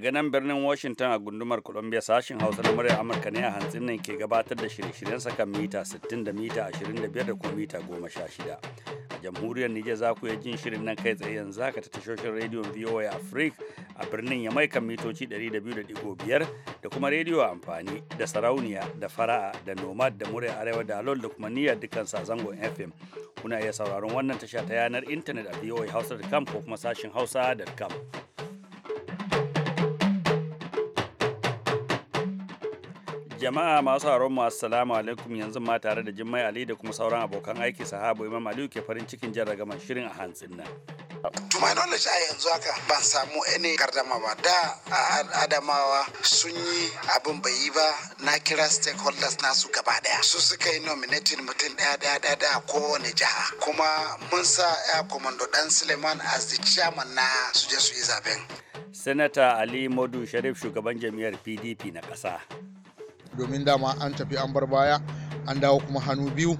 daga nan birnin washington a gundumar columbia sashin hausa na murya amurka ne a hantsin nan ke gabatar da shirye-shiryen kan mita 60 da mita 25 da kuma mita 16 a jamhuriyar nijar za ku iya jin shirin nan kai tsaye yanzu ka ta tashoshin rediyon voa africa a birnin yamai kan mitoci 200.5 da kuma rediyo amfani da sarauniya da fara'a da nomad da murya arewa da alol da kuma niyyar dukkan zangon fm kuna iya sauraron wannan tasha ta yanar intanet a voahausa.com ko kuma sashin sashen hausa.com Jama'a masu haron mu assalamu alaikum yanzu ma tare da Jummai Ali da kuma sauran abokan aiki sahabo Imam Aliyu ke farin cikin jin ragaman shirin a hantsin nan. Tuma my knowledge a yanzu haka ban samu any kardama ba da Adamawa sun yi abin bai yi ba na kira stakeholders nasu gaba daya su suka yi nominating mutum daya daya daya daya kowane jiha kuma mun sa ya komando dan Suleiman as the chairman na su je su yi zaben. Sanata Ali Modu Sharif shugaban jami'ar PDP na ƙasa. domin dama an tafi an bar baya an dawo kuma hannu biyu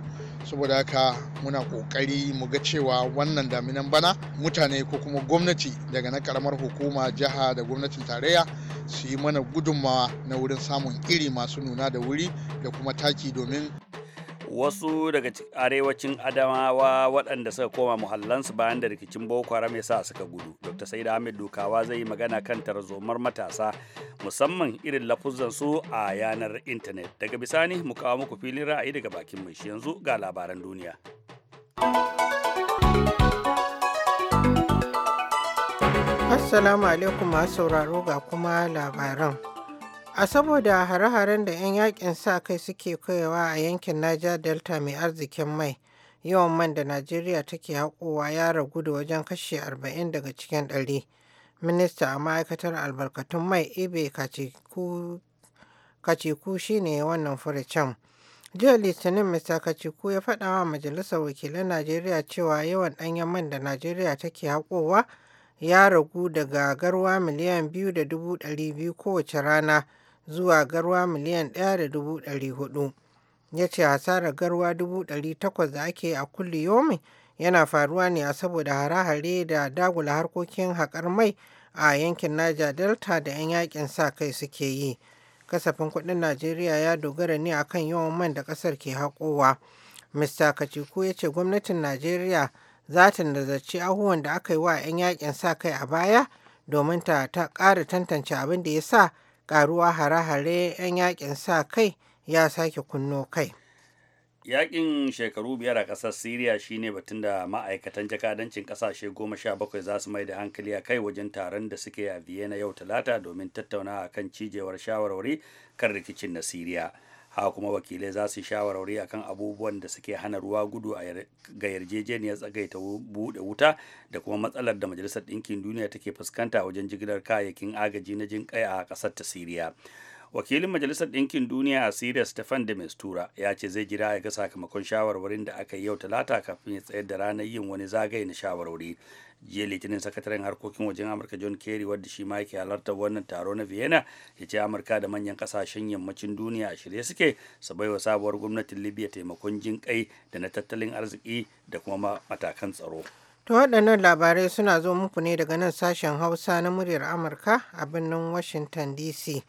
saboda haka muna kokari mu ga cewa wannan daminan bana mutane ko kuma gwamnati daga na karamar hukuma jiha da gwamnatin tarayya su yi mana gudunmawa na wurin samun iri masu nuna da wuri da kuma taki domin wasu daga arewacin adamawa waɗanda suka koma muhallansu bayan da rikicin boko haram ya sa suka gudu dr saida ahmed dukawa zai yi magana kan tarzomar matasa musamman irin lafuzan su a yanar intanet daga bisani mu kawo muku filin ra'ayi daga bakin mai yanzu ga labaran duniya assalamu alaikum masu sauraro ga kuma labaran A saboda hare-haren da 'yan yakin sa kai suke koyawa a yankin Niger Delta mai arzikin mai, yawan man da Najeriya take haƙowa ya ragu da wajen kashe 40 daga cikin ɗari. Minista a ma'aikatar albarkatun mai Ibe Kaciku shine wannan furucin. Jiya Litinin Mr. Kaciku ya faɗa wa Majalisar Wakilan Najeriya cewa yawan ɗanyen man da Najeriya take haƙowa ya ragu daga garwa miliyan biyu da dubu ɗari biyu kowace rana zuwa garwa miliyan ɗaya da dubu ɗari huɗu, Ya ce hasarar garwa dubu ɗari takwas da ake a kulle yomi yana faruwa ne a saboda hare-hare da dagula harkokin haƙar mai a yankin naja Delta da 'yan yakin sa kai suke yi. Kasafin kudin Najeriya ya dogara ne akan yawan man da ƙasar ke haƙowa. Mr. Kaciku ya ce gwamnatin Najeriya za ta nazarci ahuwan da aka yi wa 'yan yakin sa kai a baya domin ta ƙara tantance abin da ya sa Karuwa hare-hare 'yan yakin sa kai ya sake kunno kai. Yakin shekaru biyar a ƙasar Siriya shine batun da ma'aikatan jakadancin ƙasashe goma sha bakwai za su mai da hankali a kai wajen taron da suke a Vienna yau Talata domin tattaunawa kan cijewar shawarwari kan rikicin na Siriya. haka kuma wakilai za su shawarwari akan abubuwan da suke hana ruwa gudu ga yarjejeniyar tsagaita buɗe wuta da kuma matsalar da majalisar ɗinkin duniya take fuskanta wajen jigilar kayayyakin agaji na jinƙai a ƙasar ta siriya wakilin majalisar ɗinkin duniya a siriya stefan de mistura ya ce zai jira ya ga sakamakon shawarwarin da aka yi yau talata kafin ya tsayar da ranar yin wani zagaye na shawarwari jiya litinin sakataren harkokin wajen amurka john kerry wadda shi ma yake halartar wannan taro na vienna ya ce amurka da manyan kasashen yammacin duniya a shirye suke su baiwa sabuwar gwamnatin libya taimakon jin kai da na tattalin arziki da kuma matakan tsaro to waɗannan labarai suna zo muku ne daga nan sashen hausa na muryar amurka a birnin washington dc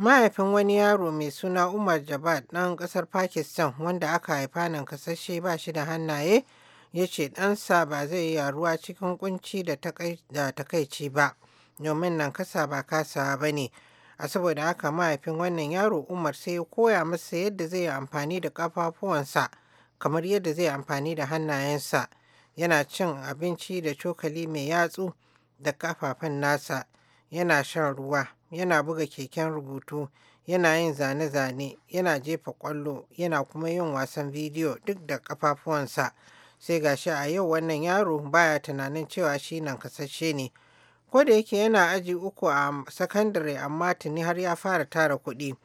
Mahaifin wani yaro mai suna Umar jabad ɗan ƙasar Pakistan wanda aka haifa nan kasashe ba shi da hannaye ya ce ɗansa ba zai yi yaruwa cikin kunci da takaici ba domin nan kasa ba kasawa ba ne. A saboda haka mahaifin wannan yaro Umar sai ya koya masa yadda zai yi amfani da ƙafafuwansa kamar yadda zai amfani da hannayensa yana cin abinci da cokali mai yatsu da kafafen nasa yana shan ruwa, yana buga keken rubutu, yana yin zane-zane, yana jefa ƙwallo, yana kuma yin wasan bidiyo duk da ƙafafuwansa. Sai gashi a yau wannan yaro baya tunanin cewa shi nan kasashe ne. Ko da yake yana aji uku a sakandare amma tuni har ya fara tara kuɗi.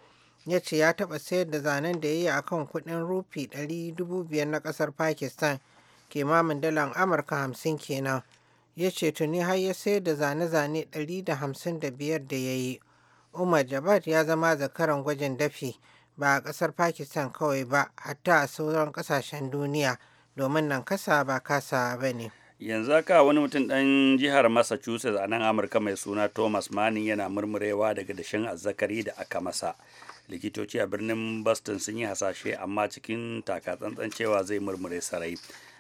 ya ce ya taɓa sayar da zanen da ya yi a kan kuɗin rufi ɗari biyar na ƙasar pakistan kimamin dalar amurka hamsin kenan ya ce tuni har ya sayar da zane-zane 155 da ya yi. Umar Jabad ya zama zakaran gwajin dafi ba a ƙasar Pakistan kawai ba hatta a sauran kasashen duniya domin nan kasa ba kasa ba ne. yanzu haka wani mutum ɗan jihar massachusetts a nan amurka mai suna thomas manning yana murmurewa daga dashen azzakari da aka masa likitoci a birnin boston sun yi hasashe amma cikin takatsantsan cewa zai murmure sarai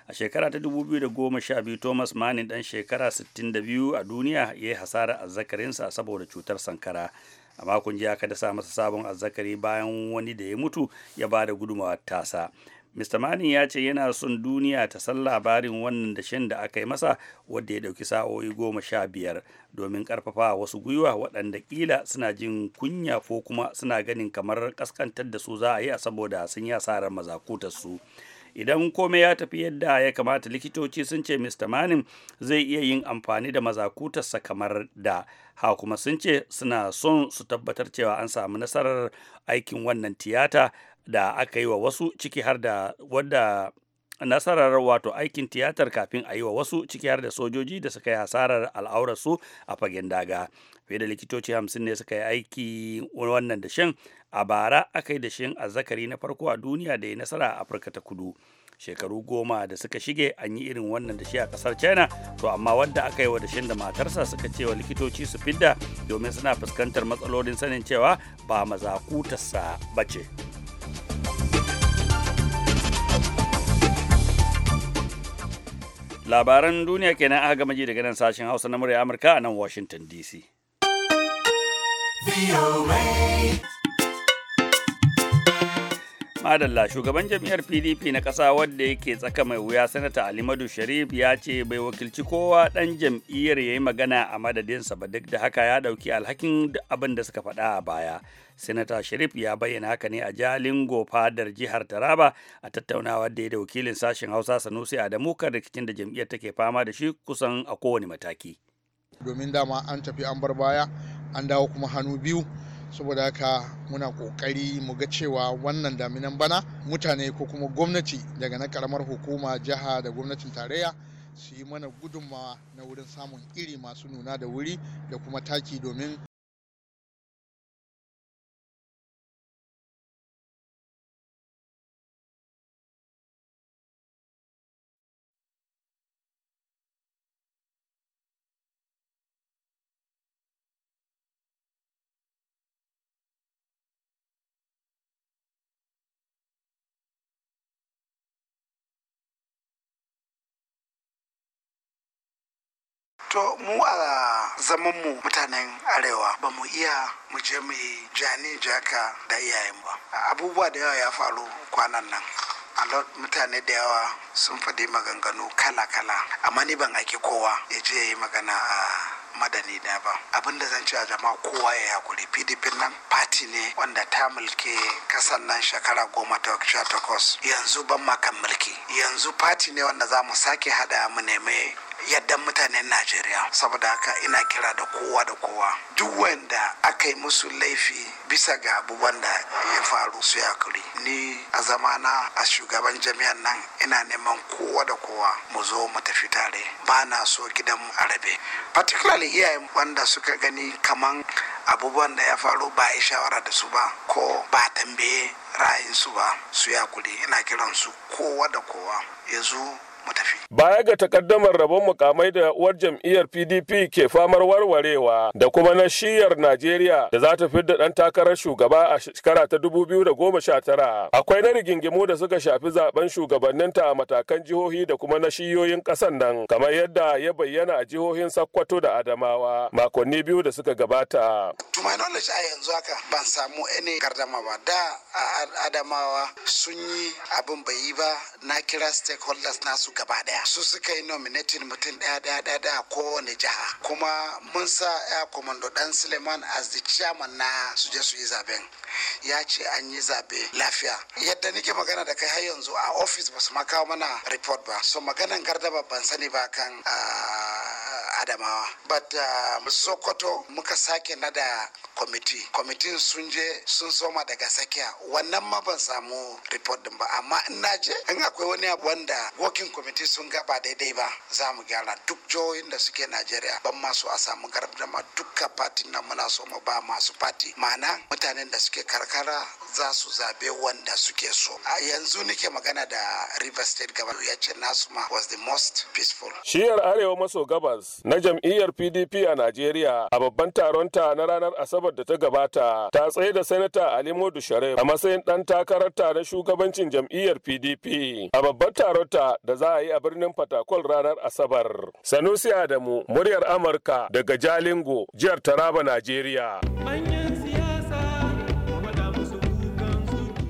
a shekara ta 2012 thomas manning dan shekara 62 a duniya ya yi hasarar azzakarinsa saboda cutar sankara a makon jiya kada sa masa sabon azzakari bayan wani da ya mutu ya ba da gudunmawar tasa Mr. Manning ya ce yana son duniya ta san labarin wannan dashen da aka yi masa wadda ya ɗauki sa'o'i goma sha biyar domin karfafa wasu gwiwa waɗanda ƙila suna jin kunya ko kuma suna ganin kamar ƙaskantar da su za a yi a saboda sun yi asarar mazakutarsu su. idan komai ya tafi yadda ya kamata likitoci sun ce mr manning zai iya yin amfani da mazakutarsa kamar da ha kuma sun ce suna son su tabbatar cewa an samu nasarar aikin wannan tiyata da aka yi wa wasu ciki har da wadda nasarar wato aikin tiyatar kafin a yi wa wasu ciki har da sojoji da suka yi hasarar al'aurarsu a fagen daga fiye da likitoci hamsin ne suka yi aiki wannan dashen a bara aka yi dashen zakari na farko a duniya da ya nasara a afirka ta kudu shekaru goma da suka shige an yi irin wannan dashe a kasar china to amma wanda aka yi wa dashen da matarsa suka cewa likitoci su fidda domin suna fuskantar matsalolin sanin cewa ba mazakutarsa ba ce labaran duniya kenan aka gama ji daga nan sashen hausa na murya amurka a nan washington dc Madalla shugaban jam'iyyar PDP na ƙasa wanda yake tsaka mai wuya sanata madu Sharif ya ce bai wakilci kowa ɗan jam'iyyar ya yi magana a madadinsa ba duk da haka ya ɗauki alhakin abin da suka faɗa a baya. Sanata Sharif ya bayyana haka ne a Jalingo fadar jihar Taraba a tattaunawa da ya da wakilin sashen Hausa Sanusi Adamu kan rikicin da jam'iyyar take fama da shi kusan a kowane mataki. Domin dama an tafi an bar baya an dawo kuma hannu biyu saboda haka muna kokari mu ga cewa wannan daminan bana mutane ko kuma gwamnati daga na karamar hukuma jiha da gwamnatin tarayya su yi mana gudunmawa na wurin samun iri masu nuna da wuri da kuma taki domin to mu a zaman mu mutanen arewa ba mu iya mu je mu jani jaka da iyayen ba abubuwa da yawa ya faru kwanan nan a mutane da yawa sun faɗi maganganu kala-kala amma ni ban aiki kowa ya je yi magana a madani na ba abin da zan ci a jama'a kowa ya hakuri pdp nan party ne wanda ta mulke kasan nan shekara goma ta sha takwas yanzu ban makan mulki yanzu party ne wanda za mu sake hada mu neme yadda mutanen najeriya saboda haka ina kira da kowa da kowa duk wanda aka yi musu laifi bisa ga abubuwan da ya faru su ya kuri ni a zamana a shugaban jami'an nan ina neman kowa da kowa mu zo mu tafi tare ba na so gidan a rabe particularly iyayen wanda suka gani kaman abubuwan da ya faru ba a shawara da su ba ko ba tambaye ra'ayinsu ba su ya kuri ina kiransu kowa da kowa yanzu. mu tafi. Baya ga takaddamar rabon mukamai da uwar jam'iyyar PDP ke famar warwarewa da kuma na shiyar Najeriya da za ta fidda ɗan takarar shugaba a shekara ta 2019. Akwai na rigingimu da suka shafi zaben shugabanninta a matakan jihohi da kuma na shiyoyin ƙasan nan kamar yadda ya bayyana a jihohin Sokoto da Adamawa makonni biyu da suka gabata. Tumai knowledge a yanzu haka ban samu any gardama ba da Adamawa sun yi abin bai yi ba na kira stakeholders nasu gaba daya su suka yi nominatin mutum daya daya daya daya kowane jiha kuma mun sa ya komando dan suleiman as the chairman na su je su yi zaben ya ce an yi zabe lafiya yadda nake magana da kai har yanzu a ofis ba su ma mana report ba so maganan gardaba ban sani ba kan ah, adamawa but uh, sokoto muka sake nada kwamiti kwamitin sun je sun soma daga sakiya wannan ma ban samu report din ba amma in na je in akwai wani abu wanda working kwamiti sun ga ba daidai ba za mu gyara duk jihohin da suke najeriya ban masu a samu gardama duka fatin na muna so mu ba masu fati ma'ana mutanen da suke karkara za su zabe wanda suke so a yanzu nake magana da river state gabar ya ce nasu ma was the most peaceful shiyar arewa maso gabas na jam'iyyar pdp a najeriya a babban taronta na ranar asabar da ta gabata ta tsaye da sanata ali modu sharif a matsayin dan takararta na shugabancin jam'iyyar pdp a babban taronta da za a yi a birnin Fatakwal ranar Asabar. Sanusi Adamu, muryar Amurka daga Jalingo, jihar Taraba, Najeriya.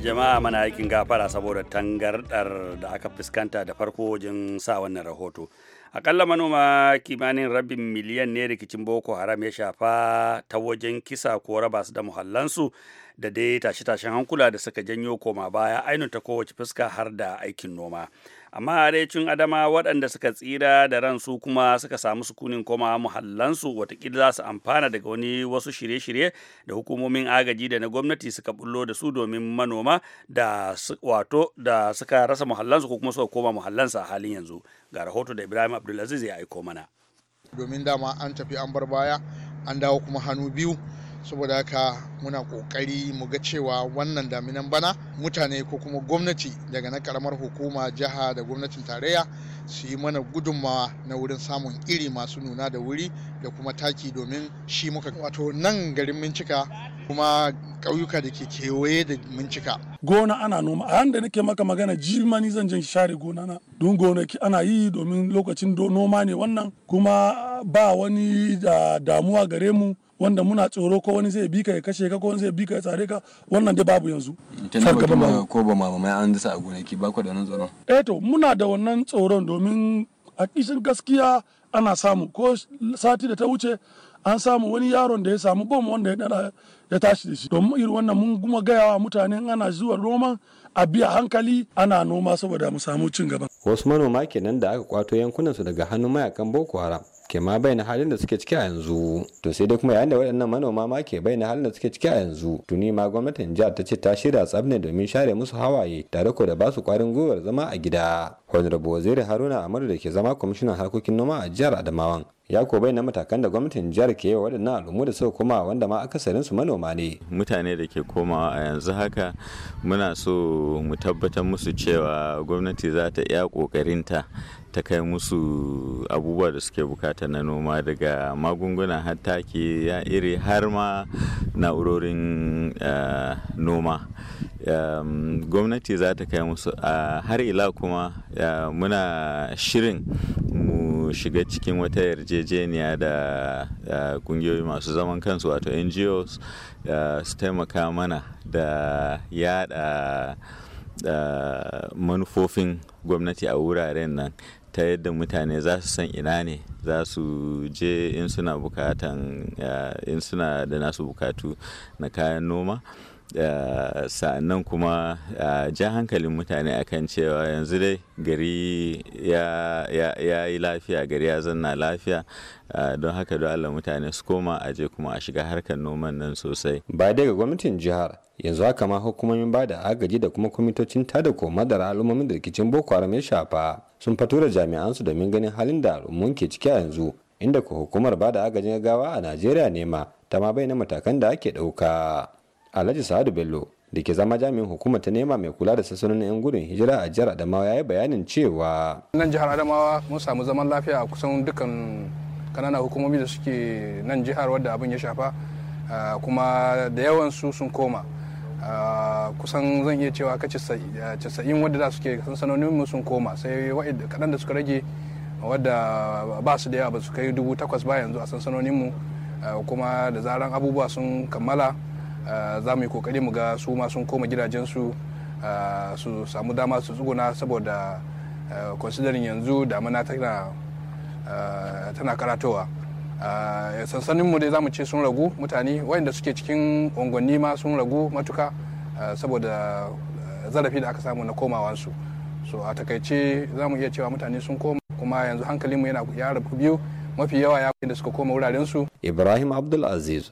jama'a mana aikin gafara saboda tangarɗar da aka fuskanta da farko wajen sa wannan rahoto akalla manoma kimanin rabin miliyan ne rikicin boko haram ya shafa ta wajen kisa ko raba su da muhallansu da dai tashe-tashen hankula da suka janyo koma baya ainihin ta kowace fuska har da aikin noma amma arecin adama waɗanda suka tsira da ransu kuma suka samu sukunin koma muhallansu watakila za su amfana daga wani wasu shirye-shirye da hukumomin agaji da na gwamnati suka bullo da su domin manoma da wato da suka rasa muhallansu ko kuma suka koma muhallansa a halin yanzu ga rahoto da ibrahim abdulaziz ya aiko mana domin dama an tafi an bar baya an dawo kuma hannu biyu saboda haka muna kokari mu ga cewa wannan daminan bana mutane ko kuma gwamnati daga na karamar hukuma jiha da gwamnatin tarayya su yi mana gudunmawa na wurin samun iri masu nuna da wuri da kuma taki domin shi muka wato nan garin mincika kuma ƙauyuka da ke kewaye da mincika. Gona ana noma a yanda nake maka magana jima zan je share gona na don gonaki ana yi domin lokacin noma ne wannan kuma ba wani da ah, damuwa gare mu wanda muna tsoro ko wani zai bi ka ya kashe ka ko wani zai bi ka ya tsare ka wannan dai babu yanzu fargaba ba ko ba an dasa a gonaki ba ku da wannan tsoron eh to muna da wannan tsoron domin a kishin gaskiya ana samu ko sati da ta wuce an samu wani yaron da ya samu bom wanda ya dada ya tashi da shi domin irin wannan mun kuma gaya wa mutane ana zuwa roman a biya hankali ana noma saboda mu samu cin gaba wasu manoma kenan da aka kwato yankunansu daga hannun mayakan boko haram ke ma na halin da suke ciki a yanzu to sai dai kuma yayin da waɗannan manoma ma ke bayyana halin da suke ciki a yanzu tuni ma gwamnatin jihar ta ce ta shirya tsaf ne domin share musu hawaye tare ko da ba su kwarin gwiwar zama a gida honorable waziri haruna amadu da ke zama kwamishinan harkokin noma a jihar adamawan ya ko na matakan da gwamnatin jihar ke yi waɗannan al'ummu da suka koma wanda ma akasarin su manoma ne mutane da ke komawa a yanzu haka muna so mu tabbatar musu cewa gwamnati za ta iya ƙoƙarinta ta kai musu abubuwa da suke bukata na noma daga magunguna har ke ya iri har ma na'urorin eh, noma gwamnati za ta kai musu har ila kuma muna shirin mu shiga cikin wata yarjejeniya da kungiyoyi masu zaman kansu wato ngos su taimaka mana da yada eh, manufofin gwamnati a wuraren nan ta yadda mutane za su san ina ne za su je in suna bukatan eh, in suna da nasu bukatu na kayan noma Eh, sa'annan kuma eh, ja hankalin mutane akan cewa yanzu dai gari ya yi lafiya gari ya zanna lafiya eh, don haka don allah mutane su koma a je kuma a shiga harkar noman nan sosai ba daga gwamnatin jihar yanzu haka ma hukumomin ba da agaji da kuma kwamitocin tada koma da al'ummomin da rikicin boko haram ya shafa sun fito da jami'ansu domin ganin halin da al'ummun ke ciki a yanzu inda ko hukumar ba da agajin gaggawa a najeriya ne ma ta ma bai na matakan da ake ɗauka alhaji sa'adu bello da ke zama jami'in hukumar ta nema mai kula da sansanonin 'yan gudun hijira a jihar adamawa ya yi bayanin cewa nan jihar adamawa mun samu zaman lafiya a kusan dukkan kananan hukumomi da suke nan jihar wadda abin ya shafa kuma da yawan su sun koma kusan zan iya cewa ka casa'in wadda da suke sansanonin mu sun koma sai kaɗan da suka rage wadda ba su da yawa ba su kai dubu takwas ba yanzu a sansanonin mu kuma da zaran abubuwa sun kammala za mu yi kokari mu ga su ma sun koma gidajensu su samu dama su tsuguna saboda considering yanzu da tana tana karatowa sansanin mu dai za mu ce sun ragu mutane wayanda suke cikin unguwanni ma sun ragu matuka saboda zarafi da aka samu na komawansu so a takaice za mu iya cewa mutane sun koma kuma yanzu hankalinmu yana ya rabu biyu mafi yawa ya da suka koma wurarensu ibrahim abdulaziz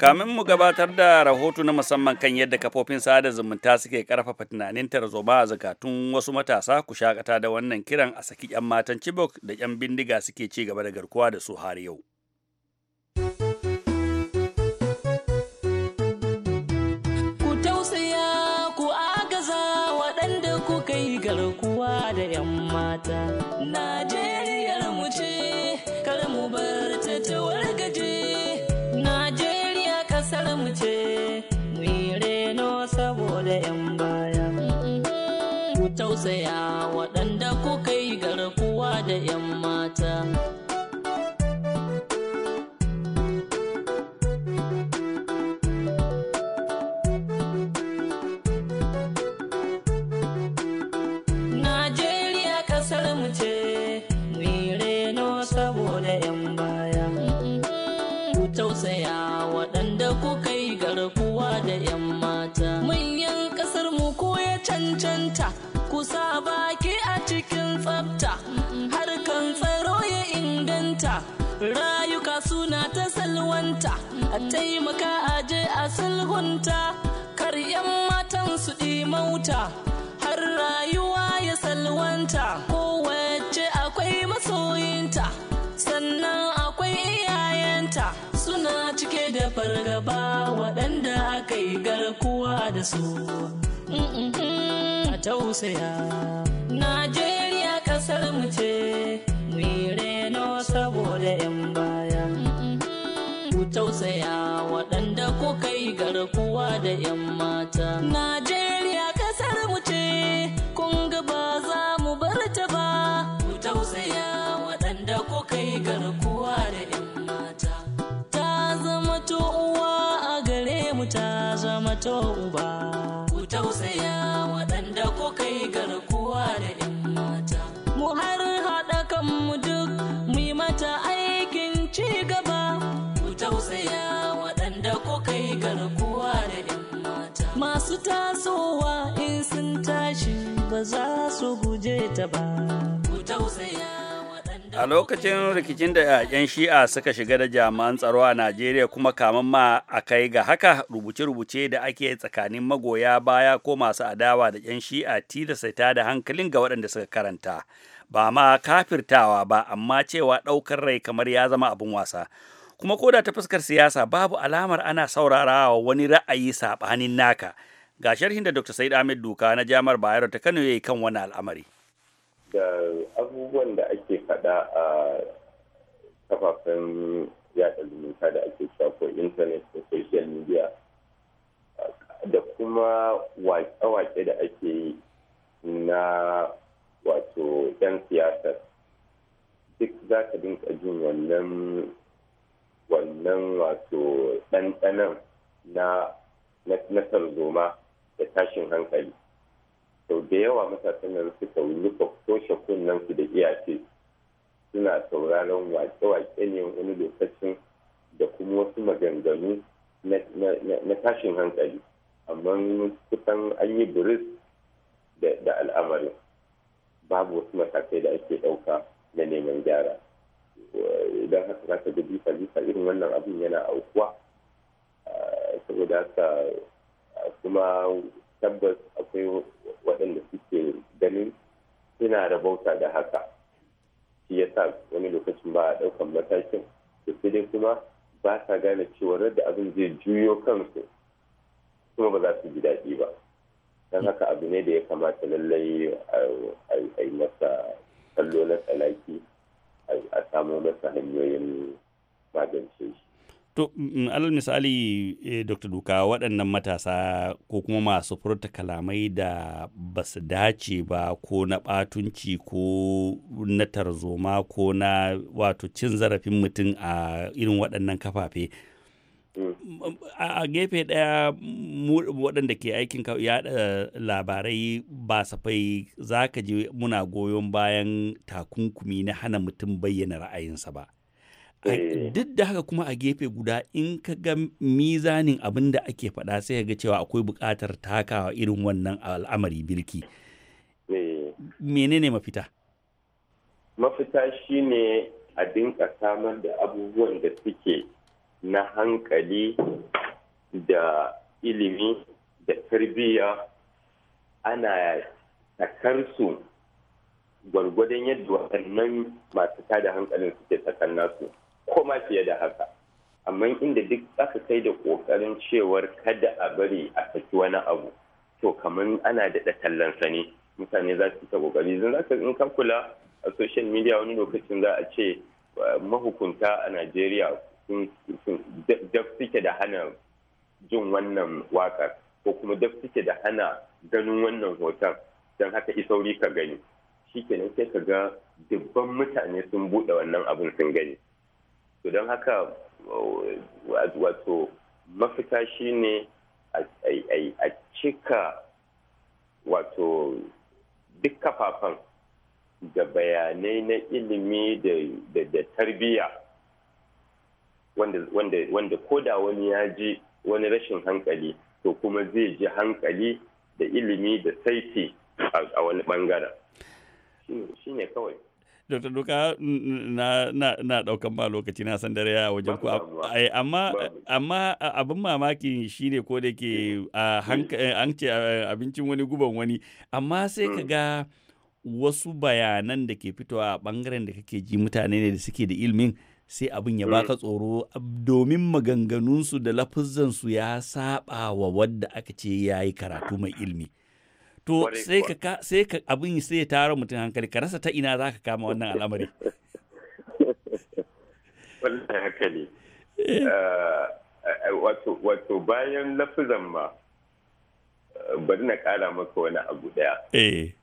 kamin mu gabatar da rahoto na musamman kan yadda kafofin sada zumunta suke karfafa tunanin tarzoma a zakatun wasu matasa ku shakata da wannan kiran a saki 'yan matan Chibok da 'yan bindiga suke ci gaba da garkuwa da su har yau. Ku tausaya ku agaza waɗanda kuka yi garkuwa da 'yan mata. Najeriya tsaya waɗanda kuka yi garkuwa da 'yan mata. Najeriya ce Saboda 'yan baya, ku tausaya waɗanda kuka taimaka a je a sulhunta kar 'yan matan su mauta har rayuwa ya salwanta kowace akwai masoyinta sannan akwai iyayenta suna cike da fargaba waɗanda aka yi garkuwa da su a tausaya najeriya ƙasar mu ce mu reno saboda 'yan baya tausaya waɗanda ko kai garkuwa da 'yan mata. Najeriya ƙasar mu ce, kun ga ba za mu bar ta ba. Ku tausaya waɗanda ko kai garkuwa da 'yan mata. Ta zama to uwa a gare mu ta zama to uba. A lokacin rikicin da 'yan shi'a suka shiga da jami'an tsaro a Najeriya kuma kaman ma a kai ga haka rubuce-rubuce da ake tsakanin magoya baya ko masu adawa da 'yan shi'a tilasta da hankalin ga waɗanda suka karanta. Ba ma kafirtawa ba, amma cewa ɗaukar rai kamar ya zama abin wasa. Kuma ko da ta fuskar siyasa babu alamar ana saurarawa wani ra'ayi saɓanin naka. ga sharhin da Dr. Said Ahmed Duka na Jami'ar Bayero ta Kano ya yi kan wani al'amari. da abubuwan da ake fada a kafafen yaɗa zumunta da ake shafo intanet da social media da kuma wake-wake da ake yi na wato 'yan siyasar duk za ka dinka jin wannan wannan wato ɗanɗanan na na tarzoma da tashin hankali sau da yawa matasan da suka rufe toshe kunnen su da iyace suna sauraron wake-wake ne wani lokacin da kuma wasu maganganu na tashin hankali amma kusan an yi biris da al'amarin babu wasu matakai da ake ɗauka na neman gyara idan haka za ka gabi bisa irin wannan abin yana aukuwa saboda haka kuma tabbas akwai waɗanda suke ganin suna da bauta da haka shi ya sa wani lokacin ba a ɗaukan matakin da sai dai kuma ba sa gane cewa da abin zai juyo kansu kuma ba za su ji daɗi ba don haka abu ne da ya kamata lallai a yi masa kallo na tsalaki a samo masa hanyoyin magance shi To, mm, alal misali eh, Dr. Duka waɗannan matasa ko kuma masu furta kalamai da ba su dace ba ko na ɓatunci ko na tarzoma ko na wato cin zarafin mutum a irin waɗannan kafafe. Mm. a gefe ɗaya waɗanda ke aikin yaɗa labarai ba safai za ka ji muna goyon bayan takunkumi na hana mutum bayyana ra'ayinsa ba Eh. duk da haka kuma a gefe guda in ka ga mizanin abin da ake faɗa sai ga cewa akwai buƙatar takawa irin wannan al'amari birki eh. menene mafita mafita shine a dinka samar da abubuwan da suke na hankali da ilimi da tarbiyya ana takarsu gwargwadon yadda waɗannan masu tada hankalin suke tsakan nasu koma fiye da haka amma inda duk aka kai da kokarin cewar kada a bari a saki wani abu to kamar ana daɗa tallan sani mutane za su ta kokari zan za in ka kula a social media wani lokacin za a ce mahukunta a najeriya sun suke da hana jin wannan wakar ko kuma da suke da hana ganin wannan hoton don haka isauri ka gani shi kenan sai ka ga dubban mutane sun buɗe wannan abin sun gani to don haka wato mafita ne a cika wato duk kafafan da bayanai na ilimi da tarbiyya wanda ko da wani ya ji wani rashin hankali to kuma zai ji hankali da ilimi da saiti a wani bangaren ne kawai Dr. Duka na na na daukan ba lokaci na san dare ya wajen ku amma amma abin mamaki ne ko da ke eh. eh. an ce eh, abincin wani guban wani amma sai ka hmm. ga wasu bayanan da ke fitowa a ɓangaren da kake ji mutane ne da suke da ilmin sai abin ya baka tsoro domin maganganunsu da lafuzansu ya saba wa wadda aka ce ya yi karatu mai ilmi. to sai ka sai ka abin sai ya tara mutum hankali ka rasa ta ina za ka kama wannan al'amari wannan haka ne eh. Eh, eh, wato bayan lafizan ma bari na kara maka wani abu daya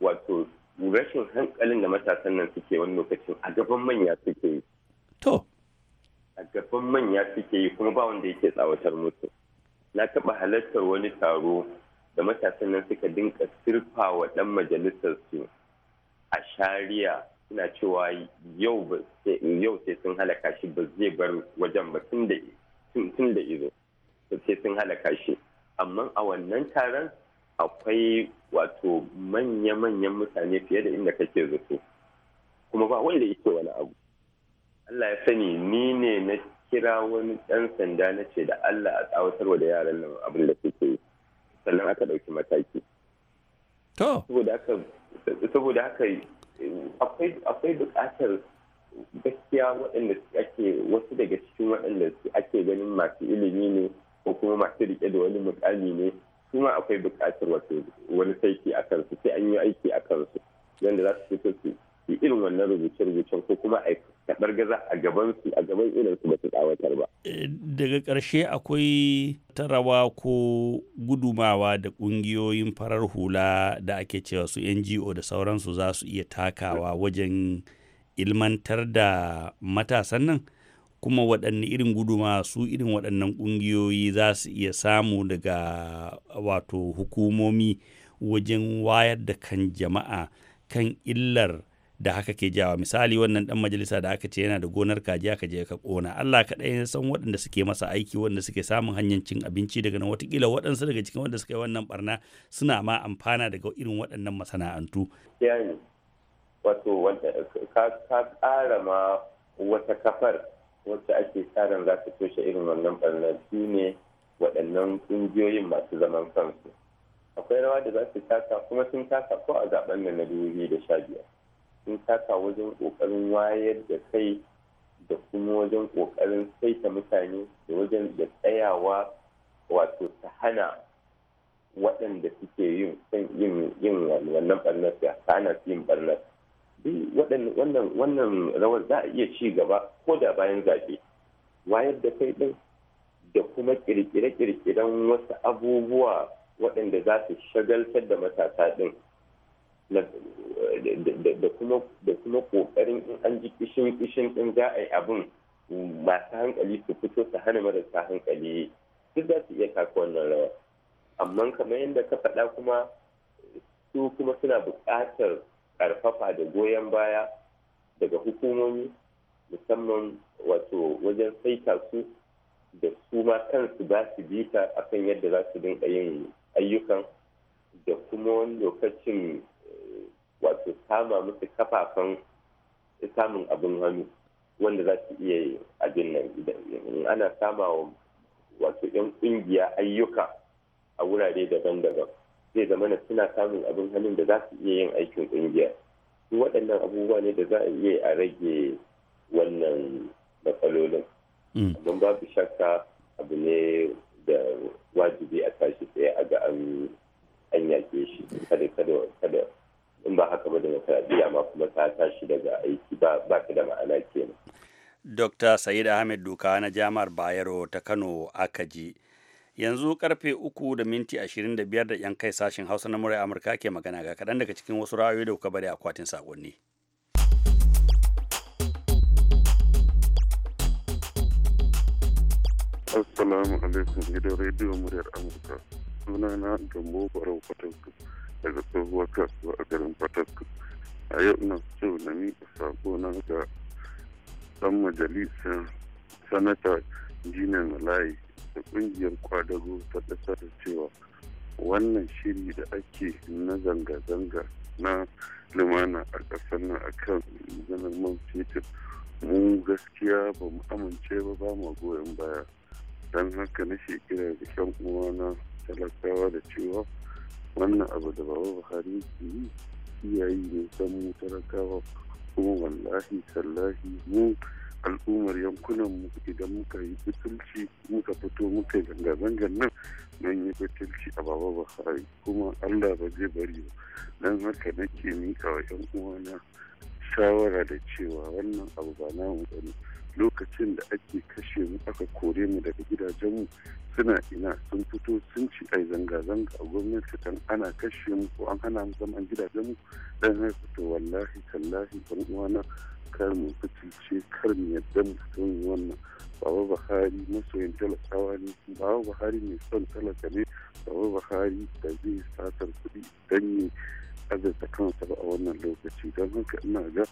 wato rashin hankalin da matasan nan suke wani lokacin a gaban manya suke yi to a gaban manya suke yi kuma ba wanda yake tsawatar musu na taɓa halartar wani taro da matasan nan suka dinka sirfa wa ɗan su, a shari'a suna cewa yau sai sun halaka shi ba zai bar wajen ba tun da izo sai sun halaka shi amma a wannan taron akwai wato manya-manyan mutane fiye da inda kake zato kuma ba wanda yake wani abu Allah ya sani ni ne na kira wani ɗan sanda na ce da Allah a tsawatarwa da yaran nan abin da sannan aka ɗauki mataki saboda saboda haka akwai bukatar gaskiya waɗanda ake wasu daga cikin waɗanda ake ganin masu ilimi ne ko kuma masu riƙe da wani mukami ne kuma akwai bukatar wato wani saiki a kansu sai an yi aiki a kansu yadda za su fito su irin wannan rubuce-rubucen ko kuma aiki. taɓar gaza a gaban su a gaban irin su basu tsawatar ba. Eh, daga ƙarshe akwai tarawa ko gudumawa da ƙungiyoyin farar hula da ake cewa su NGO da sauransu za su iya takawa wajen ilmantar da matasan nan kuma waɗanne irin guduma su irin waɗannan ƙungiyoyi za su iya samu daga wato hukumomi wajen wayar da kan jama'a kan illar da haka ke jawa misali wannan dan majalisa da aka ce yana da gonar kaji aka je ka kona Allah kaɗai ya san waɗanda suke masa aiki waɗanda suke samun hanyar cin abinci daga nan watakila waɗansu daga cikin waɗanda suka yi wannan barna suna ma amfana daga irin waɗannan masana'antu. wato wanda ka tsara ma wata kafar wacce ake tsarin za ta toshe irin wannan barna su ne waɗannan ƙungiyoyin masu zaman kansu akwai rawa da za su taka kuma sun taka ko a zaben nan na 2015 biyu da sha biyar sun taka wajen ƙoƙarin wayar da kai da kuma wajen ƙoƙarin saita mutane da wajen da tsayawa wato ta hana waɗanda suke yin yin wannan barnar ta hana su yin barnar wannan wannan rawar za a iya ci gaba ko da bayan zaɓe wayar da kai ɗin da kuma ƙirƙire-ƙirƙiren wasu abubuwa waɗanda za su shagaltar da matasa ɗin da kuma kokarin in an ji kishin kishin din za a yi abin masu hankali su fito su hana marasa hankali duk za su iya taka wannan rawa amma kamar yadda ka faɗa kuma su kuma suna buƙatar ƙarfafa da goyon baya daga hukumomi musamman wato wajen saita su da su ma kansu ba su bita akan yadda za su dinka yin ayyukan da kuma wani lokacin wato kama musu kafafen samun abin hannu wanda za su iya abin nan ana kama wa wato yan kungiya ayyuka a wurare daban-daban zai zama na suna samun abin hannun da za su iya yin aikin kungiya su waɗannan abubuwa ne da za a iya a rage wannan matsalolin ba mm. babu shakka abu ne da wajibi a tashi tsaye a ga an yake shi kada kada kada in ba haka ba demokradiyya ma kuma ta tashi daga aiki ba ta da ma'ana kenan. Dr. Said Ahmed Duka na Jami'ar Bayero ta Kano aka ji. Yanzu karfe uku da minti ashirin da biyar da ‘yan kai sashen Hausa na murai Amurka ke magana ga kaɗan daga cikin wasu ra'ayoyi da kuka bari akwatin saƙonni. Assalamu alaikum gidan rediyo muryar Amurka. Sunana Gambo Barau Fatanku. daga tsohuwar kasuwa a garin fatasku a yau na so na miƙa sako na ga ɗan majalisar sanata jina malayi da ƙungiyar kwadago ta da cewa wannan shiri da ake na zanga-zanga na lumana a ƙasar nan a kan zanar man fetur mu gaskiya ba mu amince ba ba mu goyon baya don haka na shekira da uwa uwana talakawa da cewa wannan abu da baba buhari ke yi iyayi ne san mu talakawa kuma wallahi sallahi mu al'ummar yankunan mu idan muka yi butulci muka fito muka zanga-zangar nan mun yi butulci a baba buhari kuma allah ba zai bari ba don haka nake mika wa 'yan uwana shawara da cewa wannan abu ba namu bane lokacin da ake kashe mu aka kore mu daga gidajenmu suna ina sun fito sun ci ai zanga-zanga a gwamnati kan ana kashe mu ko an hana mu zaman gidajenmu dan haka to wallahi tallahi ban uwana kar mu fitilce kar mu yadda mu wannan baba buhari masoyin talakawa ne baba buhari mai son talaka ne baba buhari da zai satar kuɗi dan yi azurta kansa ba a wannan lokaci don haka ina ga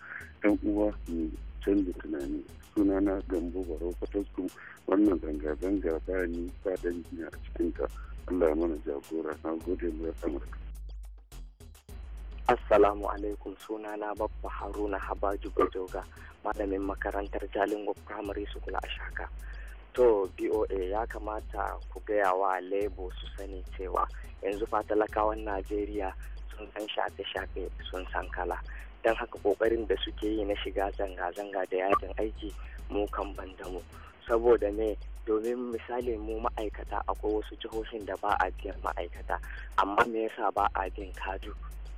'yan uwa mu canza tunani sunana gambo baro fatasku wannan zanga-zanga ba ni ba dangi a cikinta allah ya mana jagora na gode mu amurka assalamu alaikum sunana babba haruna habaju bajoga malamin makarantar jalingo primary school a shaka to boa ya kamata ku gaya wa lebo su sani cewa yanzu fa talakawan najeriya sun san shafe-shafe sun san kala don haka kokarin da suke yi na shiga zanga-zanga da yajin aiki mu kan ban da mu saboda ne domin misali mu ma'aikata akwai wasu jihohin da ba a biyan ma'aikata amma me yasa ba a biyan kadu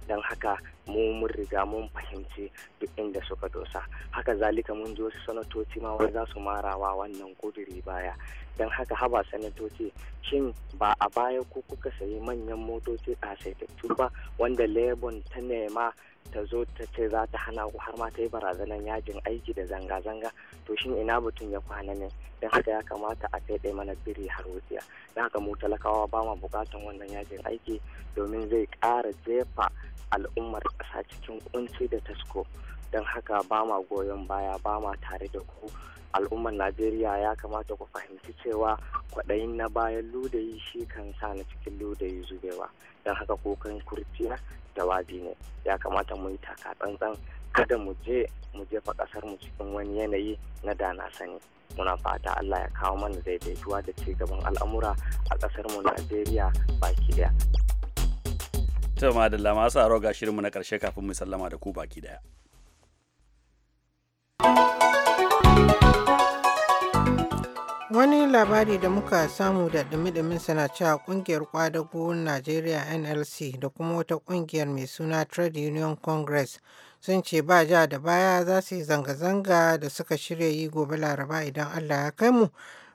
don haka mu mun riga mun fahimci duk inda suka dosa haka zalika mun ji wasu sanatoci ma za su marawa wannan kuduri baya don haka haba sanatoci shin ba a baya ko kuka sayi manyan motoci a saitattu ba wanda lebon ta nema ta zo ta ce za ta hana ku har ma ta yi barazanar yajin aiki da zanga-zanga to shin ina mutum ya kwana ne don haka ya kamata a kai mana biri har wutsiya don haka mu talakawa ba ma bukatan wannan yajin aiki domin zai ƙara jefa al'ummar ƙasa cikin kunci da tasko don haka ba ma goyon baya ba ma tare da ku al'ummar najeriya ya kamata ku fahimci cewa kwaɗayin na bayan ludayi shi kan sa na cikin ludayi zubewa don haka kukan kurciya jawabi ne ya kamata mu yi taka tsantsan kada mu je mu jefa kasar mu cikin wani yanayi na da na sani muna fata Allah ya kawo mana daidaituwa da ci gaban al'amura a kasar mu Najeriya baki daya to madalla masu aro ga mu na karshe kafin mu sallama da ku baki daya Wani labari da muka samu da dumi-dumin sana cewa kungiyar kwadago Najeriya NLC da kuma wata kungiyar mai suna Trade Union Congress sun ce ba ja da baya za su yi zanga-zanga da suka shirya yi gobe laraba idan Allah ya kai mu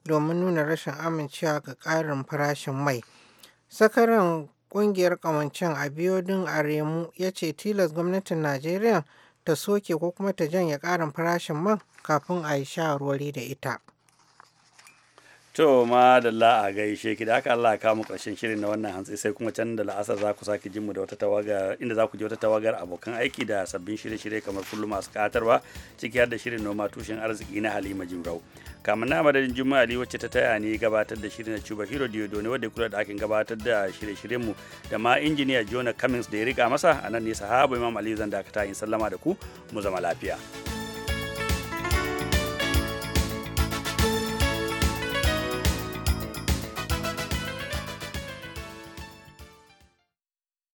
domin nuna rashin amincewa ga ƙarin farashin mai. sakarin kungiyar kawancin abiodun aremu ya ce tilas gwamnatin Najeriya ta soke ko kuma ta janye ƙarin farashin man kafin a yi shawarwari da ita. To ma da a gaishe ki da haka Allah ka mu karshen shirin na wannan hantsi sai kuma can da la'asar za ku saki jin mu da wata tawagar inda za ku je wata tawagar abokan aiki da sabbin shirye-shirye kamar kullum masu katarwa ciki har da shirin noma tushen arziki na Halima Jimrau. Kamar na madadin Juma Ali wacce ta taya ni gabatar da shirin na Cuba Hero Diodo ne wanda kula da akin gabatar da shirye-shiryen mu da ma injiniya Jonah Cummings da ya rika masa a nan ne sahaba Imam Ali zan dakata in sallama da ku mu zama lafiya.